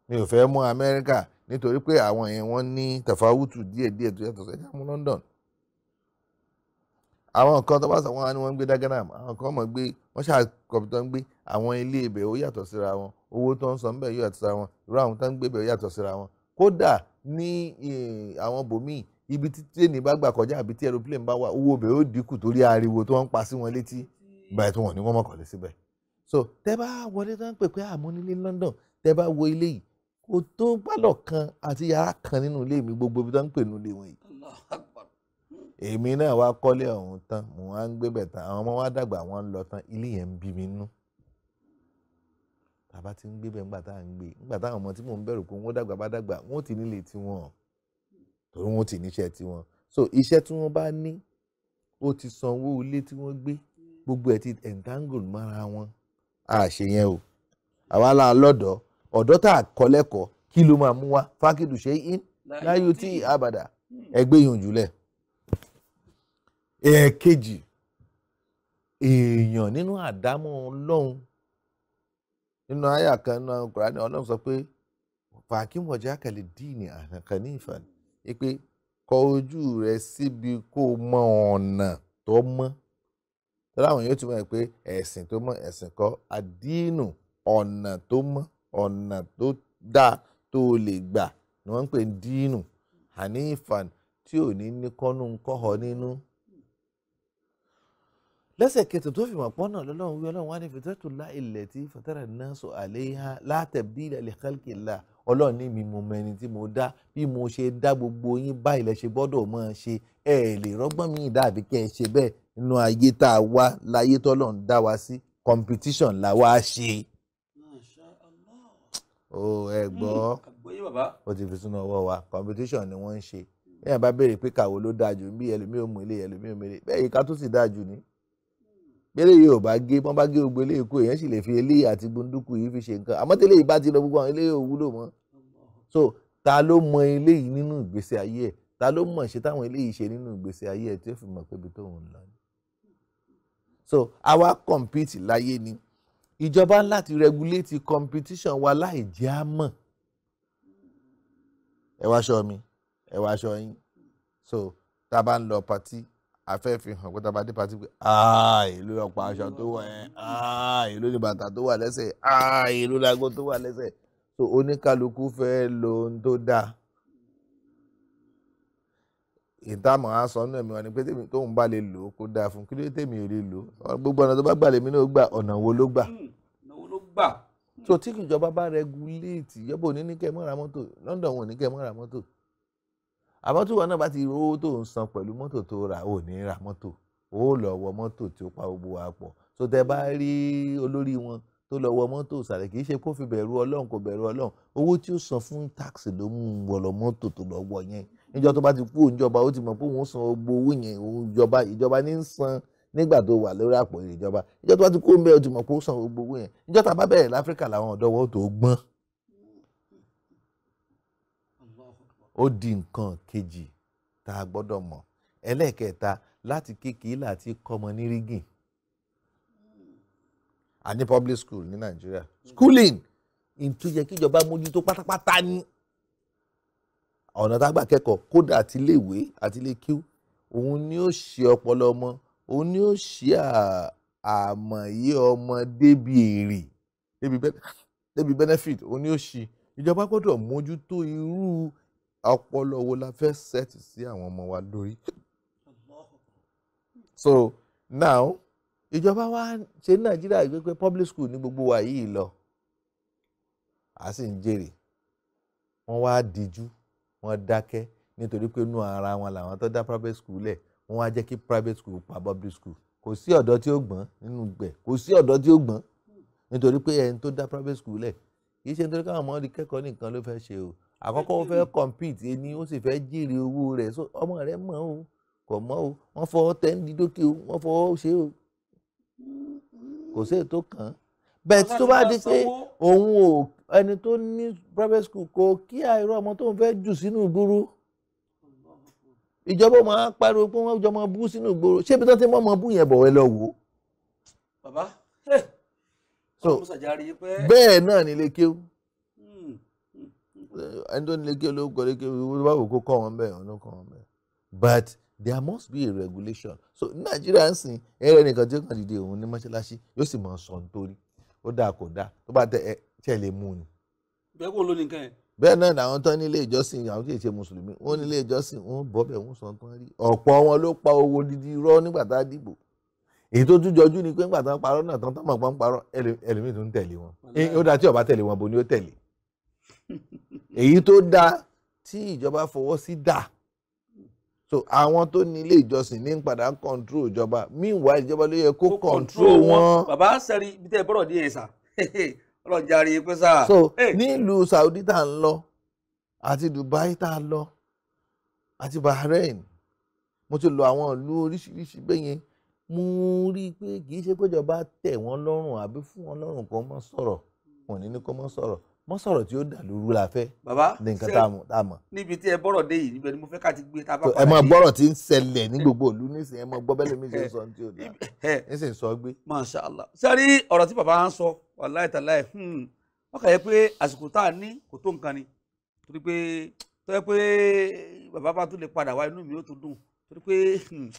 mi ò fẹ́ mú Amẹ́ríkà nítorí pé àwọn yẹn wọ́n ní tẹ̀fáwùtù díẹ̀díẹ̀ tó yàtọ̀ sẹ́jà mú London àwọn nǹkan tó bá sọ wọn ni wọ́n ń gbé dágánà àwọn kan mọ̀ gbé wọ́n ṣàkọ̀pútà ń gbé àwọn ilé ibẹ̀ ó yàtọ̀ síra wọn owó tó ń san bẹ́ẹ̀ yóò yàtọ̀ síra wọn irú àwọn tó ń gbé bẹ́ẹ̀ yàtọ̀ síra wọn kódà ní àwọn bòmíì ibi tí tẹ́ni bá gbà kọjá àbí tí aeroplane bá wà owó bẹ́ẹ̀ ó dínkù torí ariwo tó ń pa sí wọn létí báyìí tó wọn ni wọ́n mọ̀kànlé síbẹ̀ so tẹ́ bá wọlé tó ń pè pé àmúnilé London tẹ́ bá wo ilé yìí ó tó pálọ̀ kan àti yàrá kan nínú ilé mi gbogbo ibi tó ń pè nínú ilé wọn yìí. èmi náà wá kọ́lé ọ̀hún tán mo wá ń gbé bẹ̀ àwọn ọmọ wa dàgbà wọn lọ tán ilé yẹn ń bí mi nú. bàbá ti ń gbé bẹ́ẹ̀ ńgbà tá à ń gbé ńgbà táwọn ọmọ tí mò ń bẹ̀rù pé wọ́n dàgbà bá dàgbà wọ́n ti nílé tiwọn torí wọ́n ti níṣẹ́ tiwọn so iṣẹ́ tí wọ́n bá ní ó ti sanwó ilé tí wọ́n gbé gbogbo ẹ̀ ti entangle mọ́ra wọn àṣeyẹn o àwa la lọ́dọ̀ọ́ ọ̀dọ́ tá a kọ́ lẹ́kọ̀ọ́ kí ló máa mú wa fákìdù ṣe in láyò tí àbàdà hmm. ẹgbẹ́ yòó jùlẹ̀. ẹ̀ẹ̀kejì èèyàn nínú àdámọ́ ọlọ́run nínú àyà kan náà Kùránì ọlọ́run sọ pé fàákìm ọ̀já kẹlẹ̀ díìnì àkànní ìfàn ni pé kọ ojú rẹ síbi kó mọ ọ̀nà tó mọ́ tọ́lá àwọn yóò tún mọ̀ pé ẹ̀sìn tó mọ́ ẹ̀sìn kọ́ àdínù ọ̀nà tó mọ́. ọ̀nà tó dáa tó lè gbà ni wọ́n ń pè dínú hanifan tí ò ní ní kọ́nú kọ́họ nínú. lẹ́sẹ̀ kẹtù tó fi mọ̀ pọ́n náà lọ́lọ́run wí ọlọ́run wá ní fìtẹ́tù lá ilẹ̀ tí fatara nasu alayha látẹ̀bílà li khalqillah ọlọ́run ní mi mo mẹni tí mo dá bí mo ṣe dá gbogbo yín báyìí lẹ ṣe gbọ́dọ̀ máa ṣe ẹ lè rọ́gbọ́n mi dàbí kẹ́ ẹ ṣe bẹ́ẹ̀ nínú ayé tá a wá láyé tọ́lọ́run dá wa sí competition la wá ṣe o ẹ gbọ́ o hmm, ti fi sínú ọwọ́ wa competition ni wọ́n ń ṣe bẹ́ẹ̀ bá béèrè pé kàwó ló dáa jù bí ẹlòmíì ò mú ilé ẹlòmíì ò mú ilé bẹ́ẹ̀ yìí ká tó sì dáa jù ní. bẹ́ẹ̀ yìí ò bá gé wọ́n bá gé gbogbo eléyìí kú èèyàn sì lè fi eléyìí àti gbunduku yìí fi ṣe nǹkan àmọ́ tẹ́lẹ̀ yìí bá ti lọ gbogbo àwọn eléyìí ò wúlò mọ́. so ta ló mọ eléyìí nínú ìgbésí ayé ẹ̀ ta ló mọ̀ ṣe táwọn eléyìí ṣe nínú ìgbésí ayé ẹ̀ tí ó fi mọ̀ pé ibi tóun lọ ni. so àwa compete láyé ni ìjọba ń láti regulate competition wa láì jẹ́ á ẹ wá aṣọ mi ẹ wá aṣọ yín so tá a bá ń lọ pati afẹ́ fi hàn pé tá a bá dé pati pé ààyè ló ọ̀pọ̀ aṣọ tó wà ẹ̀ ààyè ló ní bàtà tó wà lẹ́sẹ̀ ààyè ló lágbo tó wà lẹ́sẹ̀ so oníkálukú fẹ́ lo ohun tó dáa ìtàmọ̀ á sọ nínú ẹ̀mí wa ni pé tèmi tóun bá lè lò ó kó dáa fún kí ló tèmi ò lè lò ó gbogbo ọ̀nà tó bá gbà lèmi náà gbà gbà. ọ̀nà wo ló gbà. tó hmm, hmm. tí ìjọba bá rẹguléètì yọ́bù òní ní kẹ́ mọ́ ra mọ́tò London wọn ò ní kẹ́ mọ́ ra mọ́tò àmọ́ tí ìwọ náà bá ti rówó tó ń san pẹ̀lú mọ́tò tó rà ò ní ra mọ́tò ó lọ wọ mọ́tò tí ó pa gbogbo wa pọ̀ tó tẹ bá rí olórí wọn tó lọ wọ mọ́tò sàlẹ̀ kì í ṣe kó fi bẹ̀rù Ọlọ́run kò bẹ̀rù Ọlọ́run owó tí ó san fún táàsì ló mú un wọ lọ mọ́tò tó lọ wọ yẹn níjọ tó bá ti kú òǹjọba ó ti mọ̀ pé òun san gbogbo owó yẹn òun ìjọba ìjọba ní ń san nígbà tó wà lórí àpò ìjọba níjọ tó bá ti kú òun bẹ́ẹ̀ ó ti mọ̀ pé ó san gbogbo owó yẹn níjọ tá a bá bẹ̀rẹ̀ láfíríkà làwọn ọ̀dọ́ wọn ó tó gbọ́n. ó di nǹkan kejì tá a gbọ́dọ̀ mọ̀ ẹlẹ́ẹ̀kẹta láti kékeré láti kọ́mọ ní rígìn public school ní Nàìjíríà schooling ìtújẹ kíjọba mójútó pátápátá ni. Mm -hmm ọ̀nà tágbà kẹ́kọ̀ọ́ kódà àti ilé ìwé àti ilé kíw òun ni ó ṣe ọpọlọ ọmọ òun ni ó ṣe àmọ̀yé ọmọ débi èrè débi benefit òun ni ó ṣe ìjọba gbọ́dọ̀ mójútó irú ọpọlọ wo la fẹ́ set sí àwọn ọmọ wa lórí. so now ìjọba wa ṣe ní nàìjíríà gbégbé public school ní gbogbo wa yìí lọ a sì ń jèrè wọ́n wá díjú wọ́n dákẹ́ nítorí pé inú ara wọn làwọn tó dá private school lẹ̀ wọ́n wá jẹ́ kí private school pa public school kò sí ọ̀dọ́ tí ó gbọ́n nínú gbẹ̀ kò sí ọ̀dọ́ tí ó gbọ́n nítorí pé ẹni tó dá private school lẹ̀ kì í ṣe nítorí káwọn ọmọ rí kẹ́kọ̀ọ́ nìkan ló fẹ́ ṣe o àkọ́kọ́ ó fẹ́ compete ẹni ó sì fẹ́ jèrè owó rẹ̀ so ọmọ rẹ̀ mọ̀ o kò mọ̀ o wọ́n fọwọ́ tẹ́ ń di dókè o wọ́n fọwọ́ ṣe o kò sí ètò kan bẹ́ẹ̀ tí tó bá di pé òun ò ẹni tó ní private school kò kí àìrọ ọmọ tó ń fẹ́ jù sínú ìgboro ìjọba máa pariwo pé wọ́n jọ máa bú sínú ìgboro ṣé ibi tó ti mọ́ ọmọ bú yẹn bọ̀ ẹ lọ wò. bàbá so bẹ́ẹ̀ náà ní ilé kéwú ẹni tó ní ilé kéwú ló kọ́ ilé kéwú wọ́n bá wò kó kọ́ wọn bẹ́ẹ̀ ọ̀nà kọ́ wọn bẹ́ẹ̀ but there must be a regulation so nàìjíríà ń sìn ẹ̀rẹ́ nìkan tí ó kàn dìde òun ní mọ́ṣáláṣí yóò sì mọ̀ sọ̀ nítorí ó dáa kò dáa tó bá tẹ tí ẹ lè mú ni. bẹ́ẹ̀ kò ló ní nǹkan yẹn. bẹ́ẹ̀ náà làwọn tán nílé ìjọsìn àwọn tí ì ṣe mùsùlùmí wọn nílé ìjọsìn wọn bọ́ bẹ́ẹ̀ wọn sàn tán rí ọ̀pọ̀ wọn ló pa owó dídí rọ́ nígbà tá a dìbò èyí tó tún jọjú ni pé nígbà tán parọ́ náà tán tán mọ̀ pọ́n parọ́ ẹlòmíì tó ń tẹ̀lé wọn ó dáa tí ọba tẹ̀lé wọn bo ni ó tẹ̀lé [laughs] èyí tó dáa tí ìjọba fọwọ́ sí dáa so àwọn tó ní ilé ìjọsìn ní padà ń kọ́ńtró ìjọba meanwhile ìjọba ló yẹ kó kọ́ńtró wọn. bàbá sẹ́rí bí tẹ́ ẹ bọ́rọ̀ díẹ̀ sà [laughs] ọlọ́jàre pé sáà. so nílùú Saudi tá à ń lọ àti Dubai tá a lọ àti Bahrain mo ti lọ àwọn ìlú oríṣiríṣi bẹ́yẹn mo rí i pé kì í ṣe péjọba tẹ̀ wọ́n lọ́rùn àbí fún wọn lọ́rùn kó mọ́ sọ̀rọ̀ wọn ní ní kó mọ́ sọ̀rọ̀ mọ́ sọ̀rọ̀ tí ó dà lóru la fẹ́. bàbá ṣe níbi tí ẹ bọ́rọ̀ dé yìí níbẹ̀ ni mo fẹ́ ká ti gbé tá a bá padà dé. ẹ mọ gbọ́rọ̀ tí ń ṣẹlẹ̀ ní gbogbo ìlú nísìnyí ẹ mọ gbọ́ bẹ́ẹ̀ lómi ṣe ń sọ ní tí ò dá [laughs] nísìnyí sọ gbé. Masha Allah. sẹ́rí ọ̀rọ̀ tí bàbá ń sọ wàláì tàláì hmm. wọ́n kà yẹ pé àsìkò tá a ní kò tó nǹkan ni torí pé tó yẹ pé bàbá bá tún lè padà wá inú mi ó tún dùn torí pé hmm,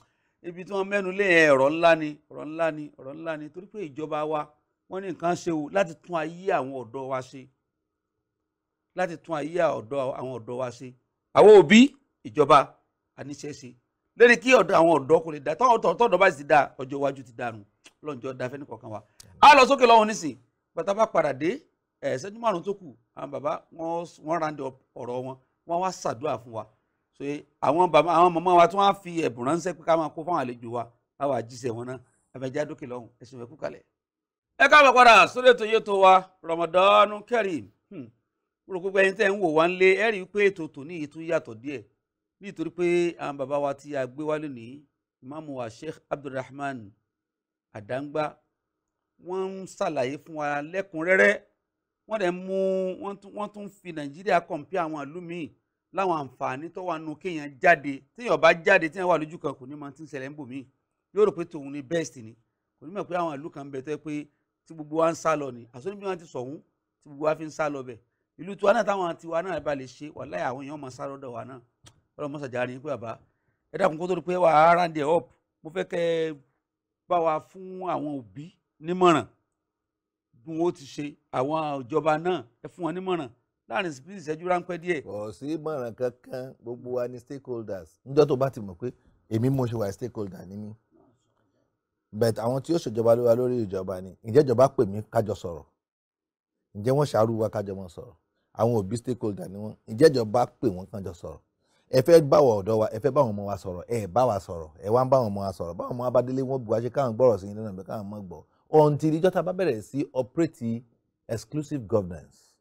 ibi tí wọ́n mẹ́nu lé yẹn ọ̀rọ̀ ńlá ni ọ̀rọ̀ ńlá ni ọ̀rọ̀ ńlá ni torí pé ìjọba wa wọ́n ní nǹkan ṣe o láti tún ayé àwọn ọ̀dọ́ wa ṣe láti tún ayé àwọn ọ̀dọ́ wa ṣe àwọn òbí ìjọba àníṣẹ́ṣe lórí kí ọ̀dọ́ àwọn ọ̀dọ́ kò lè dá tọ́ọ̀tọ̀ tọ́ọ̀dọ́ bá sì dá ọjọ́ iwájú ti dànù ọlọ́njọ́ dáfẹ́ nìkọ̀ọ̀kan wa. a lọ sókè lọ́wọ́ nísìnyí bàtà bá padà dé ẹ̀ ṣẹ́jú márùn tó kù àwọn bàbá wọ́n ràǹdẹ̀ ọ̀rọ̀ wọn wọ́n wá ṣàdúrà fún wa so àwọn bàbá àwọn màmá wa tí wọ́n fi ẹ̀bùn ránṣẹ́ pé ká máa kó fáwọn àlejò wa báwa jíṣẹ́ wọn náà àfẹjá dókè lọ́hùn ẹ̀sùn ẹ̀kú kalẹ̀. ẹ káàbọ̀ padà sórí ètò yẹtò wa Ramadan Kareem hmm. mo rò pé ẹ̀yin tẹ́ ń wò wá ń lé ẹ rí i pé ètò tòní yìí tún yàtọ̀ díẹ̀ nítorí pé àwọn bàbá wa tí a gbé ìmáàmù wa Sheikh Abdulrahman Adangba wọ́n ń ṣàlàyé fún wa lẹ́kùnrẹ́rẹ́ wọ́n dẹ̀ mú wọ́n tún fi nàìjíríà kọ̀m̀pí àwọn ìlú míì láwọn àǹfààní tó wà nù kéèyàn jáde téèyàn bá jáde téèyàn wà lójú kan kò ní mọ tí ń ṣẹlẹ̀ ń bò míì yóò rò pé tòun ni best ni kò ní mọ̀ pé àwọn ìlú kan bẹ̀ tẹ́ pé tí gbogbo wa ń sá lọ ni àsọ́ni bí wọ́n ti sọ̀hún tí gbogbo wa fi ń sá lọ bẹ̀ ìlú tiwa náà táwọn tiwa náà bá lè ṣe wàláhì àwọn èèyàn máa sá lọ́dọ̀ wa náà up mo fẹ́ kẹ́ bá nímọ̀ràn bí wọ́n ti ṣe àwọn ìjọba náà ẹ fún wọn nímọ̀ràn láàrin bí ìṣẹ́jú ráńpẹ́ díẹ̀. kò sí ìmọ̀ràn kankan gbogbo wa ni stakeholders níjọ́ tó bá ti mọ̀ pé èmi mo ṣe wà stakeholder ni mí but àwọn tí yóò ṣèjọba lóra lórí ìjọba ni ǹjẹ́ ìjọba pè mí kájọ sọ̀rọ̀ ǹjẹ́ wọ́n ṣàrú wa kájọ mọ̀ sọ̀rọ̀ àwọn òbí stakeholder ni wọ́n ǹjẹ́ ìjọba pè wọ́n kájọ sọ̀rọ̀ ẹ fẹ́ báwọn ọ̀dọ́ wa ẹ fẹ́ báwọn ọmọ wa sọ̀rọ̀ ẹ bá wa sọ̀rọ̀ ẹ wá ń báwọn ọmọ wa sọ̀rọ̀ báwọn ọmọ wa bá délé wọn bù ṣe káwọn gbọ́rọ̀ sí i lọ́nà ìgbẹ́ káwọn mọ̀ gbọ́ until ìjọ tá a bá bẹ̀rẹ̀ sí operate exclusive governance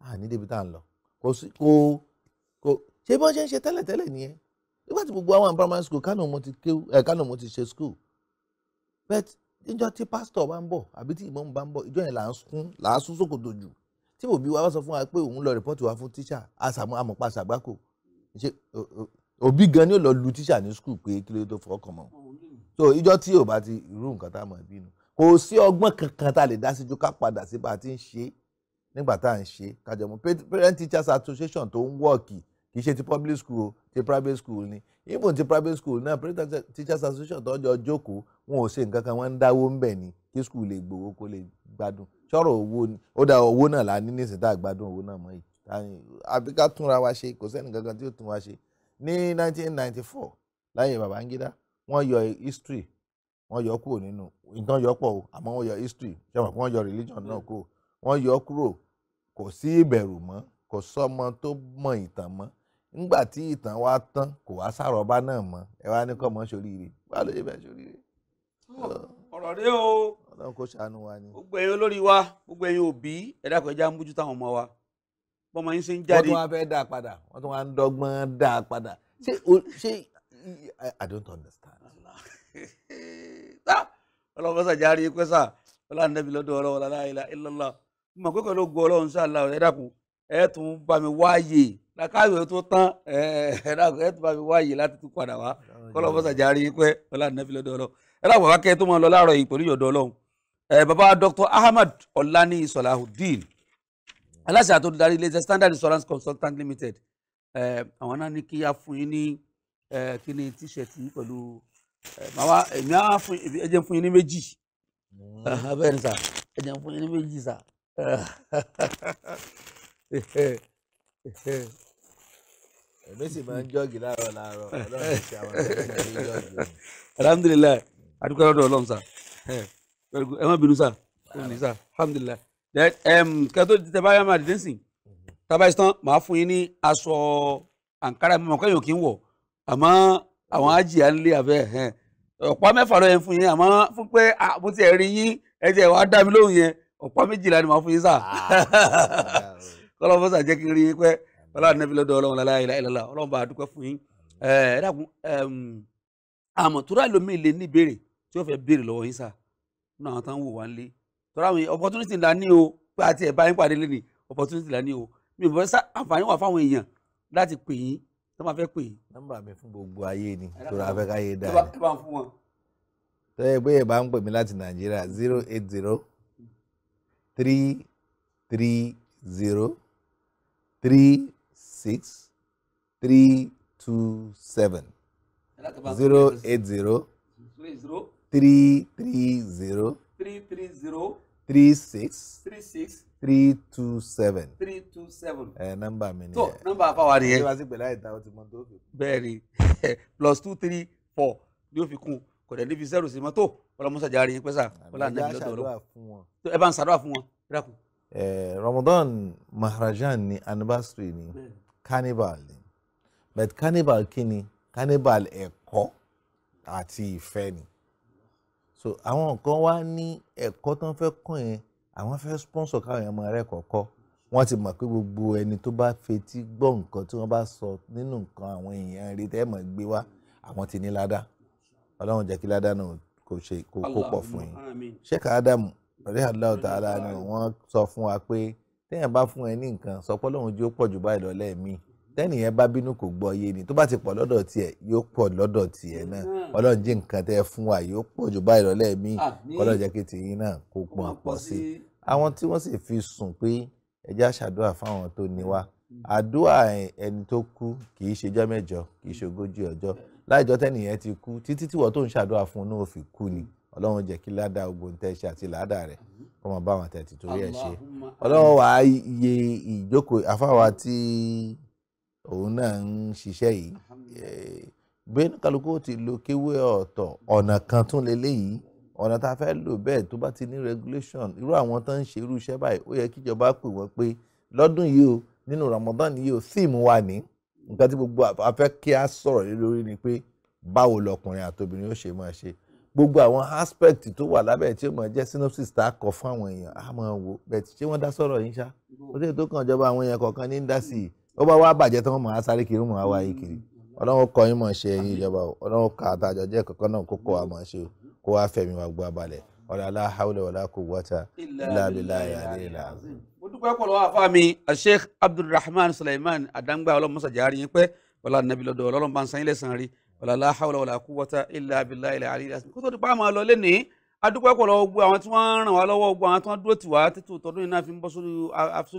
à ní débi tá à ń lọ kò sí kò kò ṣé bọ́n ṣe ń ṣe tẹ́lẹ̀tẹ́lẹ̀ nìyẹn nígbà tí gbogbo àwọn primary school kánò mo ti kéwú ẹ eh, kánò mo ti ṣe school but ìjọ tí pásítọ̀ bá ń bọ̀ àbí tí ìmọ̀ọ́mù bá ń bọ̀ ìjọ yẹn là ń sún là á sún sókòtò jù tí òbí wa bá sọ fún wa pé òun lọ rìpọ́tì wa fún tíṣà àsàmú àmọ̀pá àṣàgbákò ṣe òbí gan ni ó lọ lu tíṣà ní skul pé kí ló tó fọkàn mọ́ so ìjọ tí ò bá ti irú nǹkan tá a mọ̀ ẹbí nu kò sí ọgbọ́n kankan tá a lè dá sí ju ká padà sí bá a ti ń ṣe nígbà tá à ń ṣe kájọ mọ parent teachers association tó ń wọ́ọ̀kì kì í ṣe ti public school ti private school ni even ti private school náà parent teachers association tó ń jọ jókòó wọn ò ṣe nǹkan kan wọ́n ń dáwó ń bẹ̀ ni kí school lè gbowó kó lè gbádùn sọ̀rọ̀ owó ni ó dá owó náà lá ní nísìnyí tá a gbádùn owó náà mọ́ yìí àbí ká túnra wa ṣe kò sẹ́ni kankan tí ó tún wa ṣe ní 1994 láyé Babangida wọ́n yọ history wọ́n yọ kúrò nínú nǹkan yọ pọ̀ o àmọ́ wọ́n yọ history ṣe mọ̀ wọ́n yọ religion náà hmm. kúrò wọ́n yọ kúrò kò sí ìbẹ̀rù mọ́ kò sọ́mọ tó mọ ìtàn mọ́ ńgbà tí ìtàn wa tán kò wá sàrọ̀bá náà mọ́ ẹ wá ní kọ́ mọ́ ṣoríire bá ló yẹ bẹ́ẹ̀ ṣoríire. Hmm. ọ̀rọ̀ rẹ o ọlọ́run kò ṣàánú wa ni. gbogbo ẹ̀yin olórí wa gbogbo ẹ̀yin òbí ẹ dákun ẹ já ń bójú táwọn ọmọ wa bọ́mọ yín ṣe ń jáde. wọ́n tún wá fẹ́ dá padà wọ́n tún wá ń dọ́gbọ́n dá a padà ṣé I don't understand. [laughs] ọlọ́run sàjà rí pé sà ọlọ́run nẹ́bí lọ́dọ̀ ọlọ́run la ilaha illallah mọ̀ pé pẹ̀lú ogun ọlọ́run sàlá ẹ dàkún ẹ tún bá mi wáyè làkàwé tó tán ẹ dàkún ẹ tún bá mi wáyè láti tún padà wá ọlọ́run sàjà rí pé ọlọ́run nẹ́bí lọ́dọ̀ ọlọ́run ẹ dàkún wá kẹ́ tó máa lọ láàárọ̀ yìí pẹ̀lú ìyọ̀dọ̀ ọlọ́run ẹ bàbá Dr. Ahmad Ọ̀làní Salahuddin aláṣẹ àtòdarí iléeṣẹ́ Standard Insurance Consultant Limited àwọn náà ní kí á fún yín ní kíní tíṣẹ̀tì pẹ̀lú màmá èmi á fún ẹ jẹ́ fún yín ní méjì bẹ́ẹ̀ ni sà ẹ jẹ́ fún yín ní méjì sà. èmi sì máa ń jọ́ọ̀gì láàárọ̀ láàárọ̀ ọlọ́run ṣe àwọn ọ̀gá ìgbà ní jọ́ọ̀gì. alhamdulilayi adúgbò lọ́dọ̀ ọlọ́run sà ẹ má bínú sà ní sà alhamdulilayi kẹtó tẹ bá yàrá dìde sìn tábàìsítán màá fún yín ní aṣọ àǹkárá mímọ kẹyìn ò kí àwọn ájìyà ń lé àbẹ́ ẹ̀hẹ́n ọ̀pá mẹ́fà lọ́yẹ̀ fún yín àmọ́ fún pé mo ti rí yín ẹ ti ẹ̀ wá dá mi lóhùn yẹn ọ̀pá méjìlá ni màá fún yín sà ah, ah, ah. [laughs] kọ́lọ́fọ́sà jẹ́ kí n rí yín pẹ́ ọlọ́run nẹ́bí lọ́dọ̀ ọlọ́run lálẹ́ àìlá ìlọ́lá ọlọ́run bá a dúpẹ́ fún yín ẹ dákun àmọ́ tó rà lómi lè ní ìbéèrè tí wọ́n fẹ́ béèrè lọ́wọ́ yín sà nínú àwọn táwọn wò wá ń lé tọ́lá àwọn opportunity ńlá ní o pé àti ẹ̀ bá yín pàdé lé ní opportunity ńlá ní o mi ò fẹ́ sá àǹfààní wà fáwọn èèyàn láti pè yín tó máa fẹ́ pè. nọ́mbà mi fún gbogbo ayé ni tó ra fẹ́ káyé dáa ni. tó bá ń fún wọn. tó yẹ pé ẹ bá ń pè mí láti nàìjíríà zero eight zero three three zero three six three two seven zero eight zero three three zero three three zero three six three six three two seven. three two seven. Number, nọ́mbà mi ni. tó nọ́mbà àfàwà nìyẹn. ṣé wàá sí [laughs] plus two three four ni ó fi kún kò dẹ̀ níbi zero sí mọ́tò ọlọ́mọṣà járe yín pẹ́sà ọlá àná ìlú ọ̀dọ́ ẹ bá ń ṣàdúrà fún wọn Ramadan maharajan ni anniversary ni carnival ni but carnival kini ni carnival ẹ̀kọ́ àti ìfẹ́ ni so àwọn kan wá ní ẹ̀kọ́ tó ń fẹ́ kàn yẹn àwọn fẹ́ sponsor káwọn èèyàn máa rẹ̀ kọ̀ọ̀kọ́ wọ́n ti mọ̀ pé gbogbo ẹni tó bá fetí gbọ́ nǹkan tí wọ́n bá sọ nínú nǹkan àwọn èèyàn rí tẹ́ mọ̀ gbé wá àwọn ti ní ládá ọlọ́run jẹ́ kí ládá náà kò ṣe kó pọ̀ fún yín sheikh adam rẹ̀ aláwọ̀ tààlà ni wọ́n sọ fún wa pé téèyàn bá fún ẹ ní nǹkan sọ pé ọlọ́run jó pọ̀ jù báyìí lọ lẹ́ẹ̀mí tẹ́nì yẹn bá bínú kò gbọ́ yé ni tó bá ti pọ̀ lọ́dọ̀ tiẹ̀ yóò pọ̀ lọ́dọ̀ tiẹ̀ náà ọlọ́run jí nǹkan tẹ́ fún wa yóò pọ̀ jù báyìí lọ́lẹ́ mi ọlọ́run jẹ́ kí tiyín náà kó pọ̀ pọ̀ sí i. àwọn tí wọ́n sì fi sùn pé ẹja ṣàdúrà fáwọn tó ní wa àdúrà ẹni tó kú kì í ṣejọ́ mẹ́jọ kì í ṣogójì ọjọ́ láìjọ́ tẹ́nì yẹn ti kú títí tí wọ́n tó ń ṣàdúrà òun náà ń ṣiṣẹ́ yìí eh, bẹ́ẹ̀ kálukú ti lo kéwé ọ̀tọ̀ ọ̀nà kan tún lélẹ́yìí ọ̀nà tá a fẹ́ lò bẹ́ẹ̀ tó bá ti ní regulation irú àwọn tó ń ṣe irú iṣẹ́ báyìí ó yẹ kíjọba pè wọ́n pé lọ́dún yìí o nínú Ramadan yìí o síìmù wà ní nǹkan tí gbogbo afẹ́ kí a sọ̀rọ̀ lé lórí ni pé báwo lọkùnrin àtobìnrin ó ṣe máa ṣe gbogbo àwọn aspect tó wà lábẹ́ tí ó máa jẹ́ synopsis tá a kọ fún àwọn èèyàn á máa wò bẹ́ẹ̀ tí ṣé wọ́n dá sọ̀rọ̀ yín ṣá ó sì tó kàn jọba àwọn èèyàn kọ̀ọ̀kan ní ń dá sí i ó bá wá bàjẹ́ tán mọ̀ á sáré kiri mọ̀ á wá yìí kiri ọlọ́run kọ yín mọ̀ ṣe ẹ̀yin ìjọba o ọlọ́run kà á tàjọ jẹ́ kankan náà kókó wa mọ̀ ṣe o kó wá fẹ̀mí wa gbọ́ abalẹ̀ ọ̀là la hawla wala quwwata illa billahi àdéhìlá. mo dúpẹ́ pọ̀lọ́ àfa mi sheikh abdulrahman suleiman adangba ọlọ́mọsà jaari yín pẹ́ wọlá nàbí lọ́dọ̀ ọlọ́run bá ń san ilé san rí la hawla wala quwwata illa billahi àdéhìlá. kó tó di pa àmọ́ lọ lẹ́ni adúpẹ́ pọ̀lọ́ gbogbo àwọn tí wọ́n ràn wá lọ́wọ́ gbogbo àwọn tí wọ́n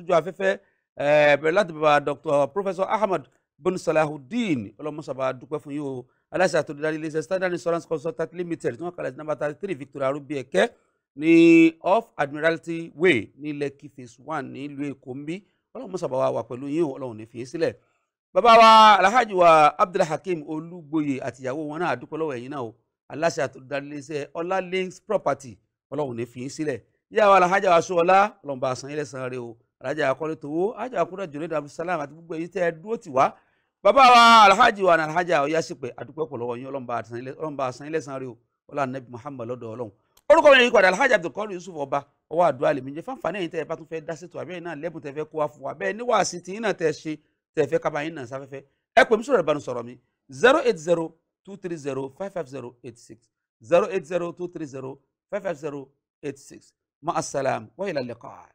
dúró tì Eh, láti bàbá dr professor ahmed bin salahudeen ọlọmọsàbà dúpẹ́ fún yìí o aláṣà tó darí iléeṣẹ́ standard insurance consultant limited tí wọ́n kalẹ̀ sí number thirty three victoria rubi ẹ̀kẹ́ ní off admiralty way ní lekki phase one nílùú èkó ń bí ọlọmọsàbà wa wà pẹ̀lú yìí o ọlọ́run ní fìyè sílẹ̀ bàbá wa alhaji wa abdulhakeem olúgbòye àtìyàwó wọn náà dúpẹ́ lọ́wọ́ ẹ̀yin náà o aláṣà tó darí iléeṣẹ́ ọlá links property ọlọ́run ní fìyè sílẹ̀ yíyá wa alhaji wa aṣọ ọlá ọlọ́mọba àṣàyẹ̀lẹ̀ sanre o alájà akọ́lé tòwó alájà akúrẹ́ jùlẹ̀ abdulsalam àti gbogbo èyí tẹ́ ẹ dúró tì wá bàbá wa alhaji wa alhaja ọ̀yá sípè àdúpẹ́ pọ̀ lọ́wọ́ yín ọlọ́mba àsán ilé sanre o ọlá nabi muhammad lọ́dọ̀ ọlọ́run orúkọ mi ní ìkọ̀dà alhaji abdulkadir yusuf ọba ọwọ́ àdúrà lèmi jẹ́ fáǹfààní ẹ̀yin tẹ́ ẹ bá tún fẹ́ dá sí tó àbẹ́yìn náà lẹ́bùn tẹ́ fẹ́ kó wá fún wa bẹ́ẹ̀ níwàásí tí yín náà tẹ́ ṣe zero eight zero two three zero five five zero eight six zero eight zero two three zero five five zero eight six ma asalaam wa ilà